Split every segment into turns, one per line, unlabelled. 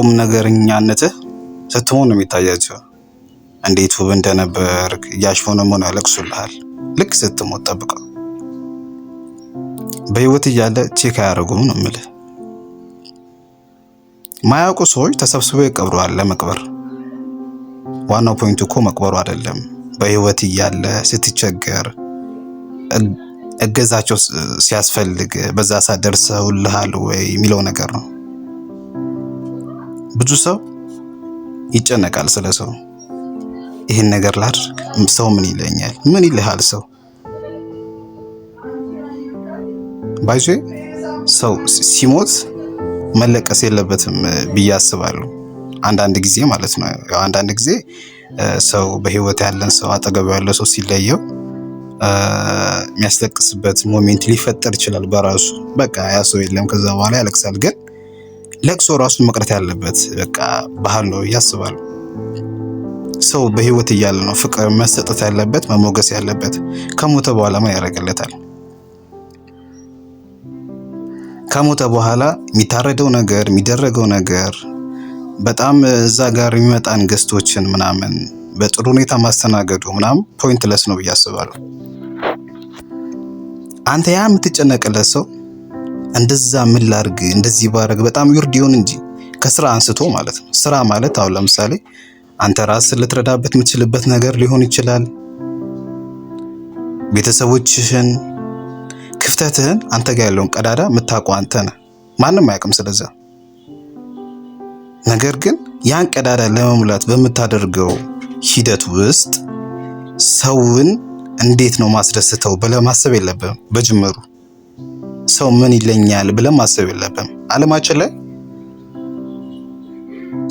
ቁም ነገርኛነትህ ስትሆን ነው የሚታያቸው። እንዴት ውብ እንደነበር እያሽሞነሞነ ያለቅሱልሃል። ልክ ስትሞት ጠብቀው በህይወት እያለ ቼክ አያደርጉም ነው የምልህ። ማያውቁ ሰዎች ተሰብስበው ይቀብረዋል ለመቅበር። ዋናው ፖይንቱ እኮ መቅበሩ አይደለም። በህይወት እያለ ስትቸገር እገዛቸው ሲያስፈልግ በዛ ሰዓት ደርሰውልሃል ወይ የሚለው ነገር ነው። ብዙ ሰው ይጨነቃል ስለ ሰው። ይህን ነገር ላድርግ፣ ሰው ምን ይለኛል? ምን ይልሃል ሰው? ባይዞ ሰው ሲሞት መለቀስ የለበትም ብዬ አስባለሁ። አንዳንድ ጊዜ ማለት ነው። አንዳንድ ጊዜ ሰው በህይወት ያለን ሰው አጠገብ ያለ ሰው ሲለየው የሚያስለቅስበት ሞሜንት ሊፈጠር ይችላል በራሱ በቃ ያ ሰው የለም ከዛ በኋላ ያለቅሳል ግን ለቅሶ ራሱ መቅረት ያለበት በቃ ባህል ነው እያስባል። ሰው በህይወት እያለ ነው ፍቅር መሰጠት ያለበት መሞገስ ያለበት። ከሞተ በኋላ ምን ያደርግለታል? ከሞተ በኋላ የሚታረደው ነገር የሚደረገው ነገር በጣም እዛ ጋር የሚመጣን ገስቶችን ምናምን በጥሩ ሁኔታ ማስተናገዱ ምናምን ፖይንትለስ ነው ብዬ አስባለሁ። አንተ ያ የምትጨነቅለት ሰው እንደዛ ምን ላርግ እንደዚህ ባረግ በጣም ዩርድ ይሆን እንጂ ከስራ አንስቶ ማለት ነው። ስራ ማለት አሁን ለምሳሌ አንተ ራስህ ልትረዳበት የምትችልበት ነገር ሊሆን ይችላል። ቤተሰቦችህን፣ ክፍተትህን፣ አንተ ጋር ያለውን ቀዳዳ የምታውቀው አንተ ነህ። ማንም አያውቅም ስለዛ። ነገር ግን ያን ቀዳዳ ለመሙላት በምታደርገው ሂደት ውስጥ ሰውን እንዴት ነው ማስደስተው ብለህ ማሰብ የለብህም በጅምሩ ሰው ምን ይለኛል ብለን ማሰብ የለብም። አለማችን ላይ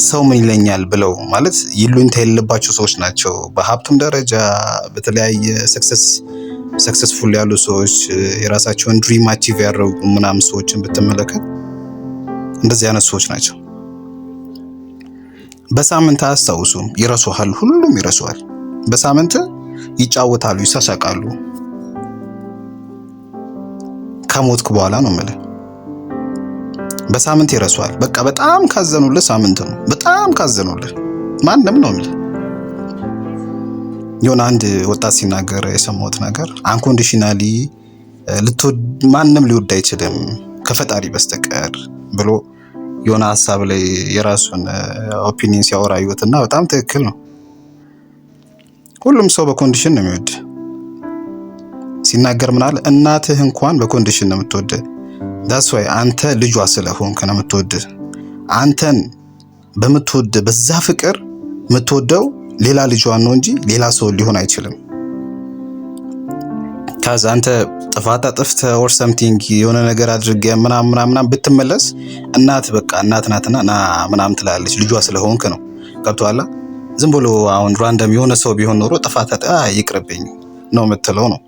ሰው ምን ይለኛል ብለው ማለት ይሉኝታ የሌለባቸው ሰዎች ናቸው። በሀብቱም ደረጃ በተለያየ ሰክሰስ ሰክሰስፉል ያሉ ሰዎች የራሳቸውን ድሪም አቺቭ ያደረጉ ምናምን ሰዎችን ብትመለከት እንደዚህ አይነት ሰዎች ናቸው። በሳምንት አያስታውሱም፣ ይረሱሃል። ሁሉም ይረሱሃል። በሳምንት ይጫወታሉ፣ ይሳሳቃሉ ከሞትክ በኋላ ነው የምልህ። በሳምንት ይረሷል። በቃ በጣም ካዘኑልህ ሳምንት ነው። በጣም ካዘኑልህ ማንም ነው የሚልህ። የሆነ አንድ ወጣት ሲናገር የሰማሁት ነገር አንኮንዲሽናሊ ማንም ሊወድ አይችልም ከፈጣሪ በስተቀር ብሎ የሆነ ሀሳብ ላይ የራሱን ኦፒኒየን ሲያወራ አየሁት እና በጣም ትክክል ነው። ሁሉም ሰው በኮንዲሽን ነው የሚወድ ሲናገር ምናል እናትህ እንኳን በኮንዲሽን ነው የምትወድ ዳስ ዋይ አንተ ልጇ ስለሆንክ ነው የምትወድ አንተን በምትወድ በዛ ፍቅር የምትወደው ሌላ ልጇን ነው እንጂ ሌላ ሰው ሊሆን አይችልም። ታዝ አንተ ጥፋት አጥፍተ ኦር ሰምቲንግ የሆነ ነገር አድርገ ምናም ምናም ምናም ብትመለስ እናት በቃ እናት ናትና ና ምናም ትላለች ልጇ ስለሆንክ ነው። ገብቶሃል? ዝም ብሎ አሁን ራንደም የሆነ ሰው ቢሆን ኖሮ ጥፋት ይቅርብኝ ነው የምትለው ነው።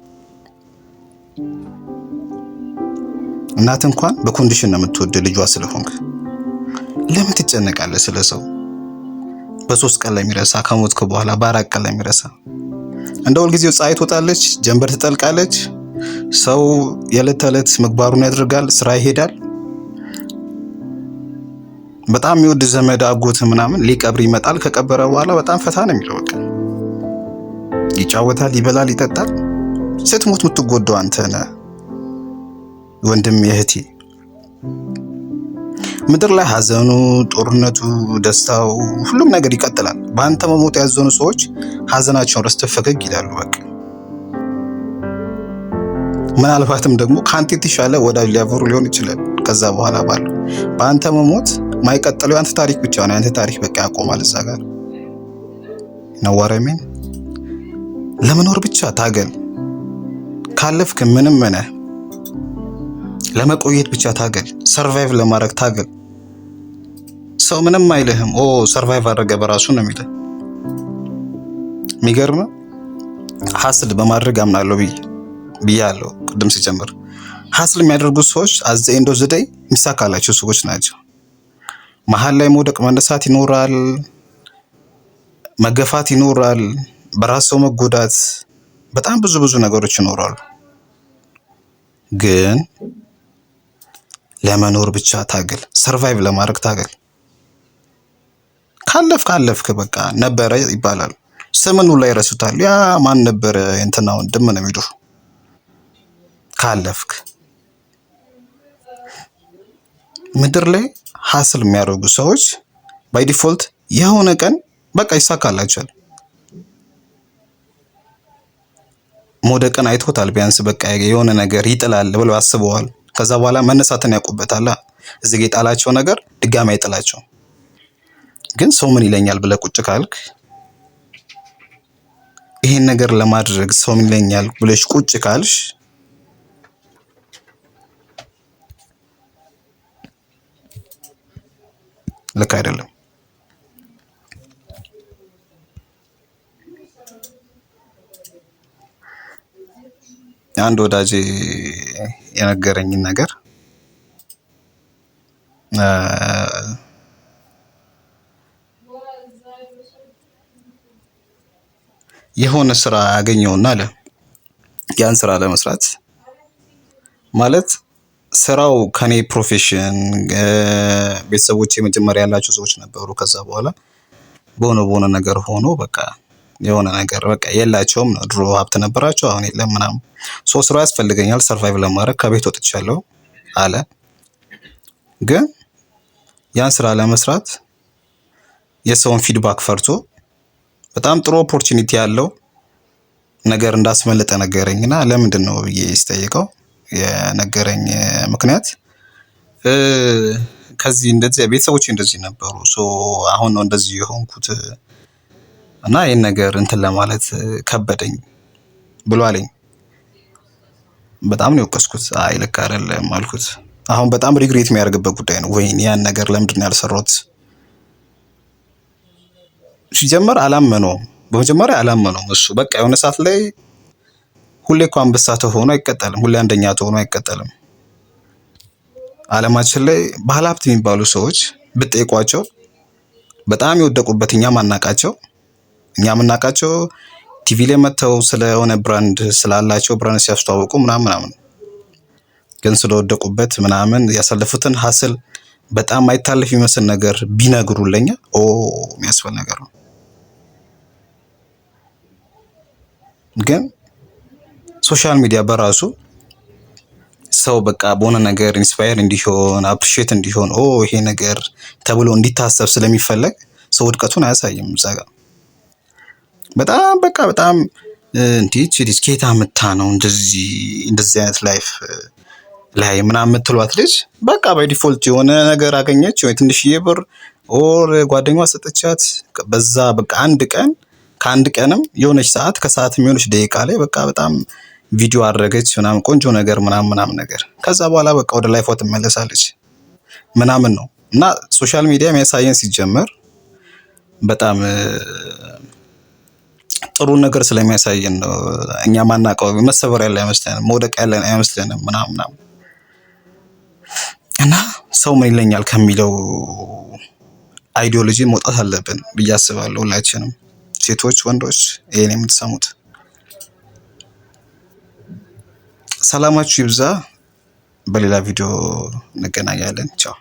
እናት እንኳን በኮንዲሽን ነው የምትወድ ልጇ ስለሆንክ ለምን ትጨነቃለህ? ስለ ሰው በሶስት ቀን ላይ የሚረሳ ከሞትክ በኋላ በአራት ቀን ላይ የሚረሳ እንደ ሁልጊዜው ፀሐይ ትወጣለች፣ ጀንበር ትጠልቃለች። ሰው የዕለት ተዕለት ምግባሩን ያደርጋል፣ ስራ ይሄዳል። በጣም የሚወድ ዘመድ አጎት ምናምን ሊቀብር ይመጣል። ከቀበረ በኋላ በጣም ፈታ ነው የሚለው። በቃ ይጫወታል፣ ይበላል፣ ይጠጣል። ስትሞት የምትጎዳው አንተ ነህ። ወንድም እህቴ ምድር ላይ ሐዘኑ፣ ጦርነቱ፣ ደስታው፣ ሁሉም ነገር ይቀጥላል። በአንተ መሞት ያዘኑ ሰዎች ሐዘናቸውን ረስተው ፈገግ ይላሉ። በቃ ምናልባትም ደግሞ ከአንተ የተሻለ ወዳጅ ሊያበሩ ሊሆን ይችላል። ከዛ በኋላ ባሉ በአንተ መሞት ማይቀጥለው የአንተ ታሪክ ብቻ ነው። የአንተ ታሪክ በቃ ያቆማል እዛ ጋር ነዋረሜን ለመኖር ብቻ ታገል። ካለፍክ ምንም ነህ። ለመቆየት ብቻ ታገል፣ ሰርቫይቭ ለማድረግ ታገል። ሰው ምንም አይልህም። ኦ ሰርቫይቭ አድረገ በራሱ ነው የሚልህ። የሚገርም ሀስል በማድረግ አምናለሁ ብዬ አለው ቅድም ሲጀምር ሀስል የሚያደርጉት ሰዎች አዘ ኤንድ ዘደይ የሚሳካላቸው ሰዎች ናቸው። መሀል ላይ መውደቅ መነሳት ይኖራል፣ መገፋት ይኖራል፣ በራስ ሰው መጎዳት፣ በጣም ብዙ ብዙ ነገሮች ይኖራሉ ግን ለመኖር ብቻ ታገል፣ ሰርቫይቭ ለማድረግ ታገል። ካለፍ ካለፍክ በቃ ነበረ ይባላል። ስምን ላይ ይረሱታል። ያ ማን ነበረ እንትና ወንድም ነው የሚሉ ካለፍክ ምድር ላይ ሀስል የሚያደርጉ ሰዎች ባይ ዲፎልት የሆነ ቀን በቃ ይሳካላቸዋል። ሞደቀን አይቶታል። ቢያንስ በቃ የሆነ ነገር ይጥላል ብለው አስበዋል። ከዛ በኋላ መነሳትን ያውቁበታል። እዚህ ጋ የጣላቸው ነገር ድጋሚ አይጥላቸው። ግን ሰው ምን ይለኛል ብለህ ቁጭ ካልክ ይሄን ነገር ለማድረግ ሰው ምን ይለኛል ብለሽ ቁጭ ካልሽ ልክ አይደለም። አንድ ወዳጅ የነገረኝን ነገር የሆነ ስራ ያገኘውና አለ ያን ስራ ለመስራት ማለት ስራው ከኔ ፕሮፌሽን ቤተሰቦች የመጀመሪያ ያላቸው ሰዎች ነበሩ። ከዛ በኋላ በሆነ በሆነ ነገር ሆኖ በቃ የሆነ ነገር በቃ የላቸውም ነው። ድሮ ሀብት ነበራቸው አሁን የለም ምናምን። ሶ ስራ ያስፈልገኛል ሰርቫይቭ ለማድረግ ከቤት ወጥቻለሁ አለ። ግን ያን ስራ ለመስራት የሰውን ፊድባክ ፈርቶ በጣም ጥሩ ኦፖርቹኒቲ ያለው ነገር እንዳስመለጠ ነገረኝ እና ለምንድን ነው ብዬ ስጠይቀው የነገረኝ ምክንያት ከዚህ እንደዚህ ቤተሰቦች እንደዚህ ነበሩ። አሁን ነው እንደዚህ የሆንኩት እና ይህን ነገር እንትን ለማለት ከበደኝ ብሎ አለኝ። በጣም ነው የወቀስኩት። አይ ልክ አይደለም አልኩት። አሁን በጣም ሪግሬት የሚያደርግበት ጉዳይ ነው። ወይ ያን ነገር ለምንድን ነው ያልሰራሁት? ሲጀመር አላመነውም። በመጀመሪያ አላመነውም እሱ በቃ የሆነ ሰዓት ላይ ሁሌ እኮ አንበሳ ተሆኖ አይቀጠልም። ሁሌ አንደኛ ተሆኖ አይቀጠልም። አለማችን ላይ ባለሀብት የሚባሉ ሰዎች ብጠይቋቸው በጣም የወደቁበት እኛ ማናቃቸው እኛ የምናውቃቸው ቲቪ ላይ መጥተው ስለሆነ ብራንድ ስላላቸው ብራንድ ሲያስተዋውቁ ምናምን ምናምን ግን ስለወደቁበት ምናምን ያሳለፉትን ሀስል በጣም አይታለፍ የሚመስል ነገር ቢነግሩ ለኛ ኦ የሚያስፈል ነገር ነው። ግን ሶሻል ሚዲያ በራሱ ሰው በቃ በሆነ ነገር ኢንስፓየር እንዲሆን አፕሪሼት እንዲሆን ኦ ይሄ ነገር ተብሎ እንዲታሰብ ስለሚፈለግ ሰው ውድቀቱን አያሳይም እዛ ጋር በጣም በቃ በጣም እንዴት ሲሪስ ኬታ መታ ነው እንደዚህ እንደዚህ አይነት ላይፍ ላይ ምናምን የምትሏት ልጅ በቃ ዲፎልት የሆነ ነገር አገኘች ወይ ትንሽዬ ብር ኦር ጓደኛዋ ሰጠቻት። በዛ በቃ አንድ ቀን ከአንድ ቀንም የሆነች ሰዓት ከሰዓት የሆነች ደቂቃ ላይ በቃ በጣም ቪዲዮ አድረገች ምናምን ቆንጆ ነገር ምናምን ምናምን ነገር ከዛ በኋላ በቃ ወደ ላይፏ ትመለሳለች ምናምን ነው እና ሶሻል ሚዲያ የሚያሳየን ሲጀመር በጣም ጥሩ ነገር ስለሚያሳየን ነው። እኛ ማናቀው መሰበር ያለ አይመስለንም፣ መውደቅ ያለን አይመስለንም ምናምና እና ሰው ምን ይለኛል ከሚለው አይዲዮሎጂ መውጣት አለብን ብዬ አስባለሁ። ሁላችንም ሴቶች፣ ወንዶች ይህን የምትሰሙት ሰላማችሁ ይብዛ። በሌላ ቪዲዮ እንገናኛለን። ቻው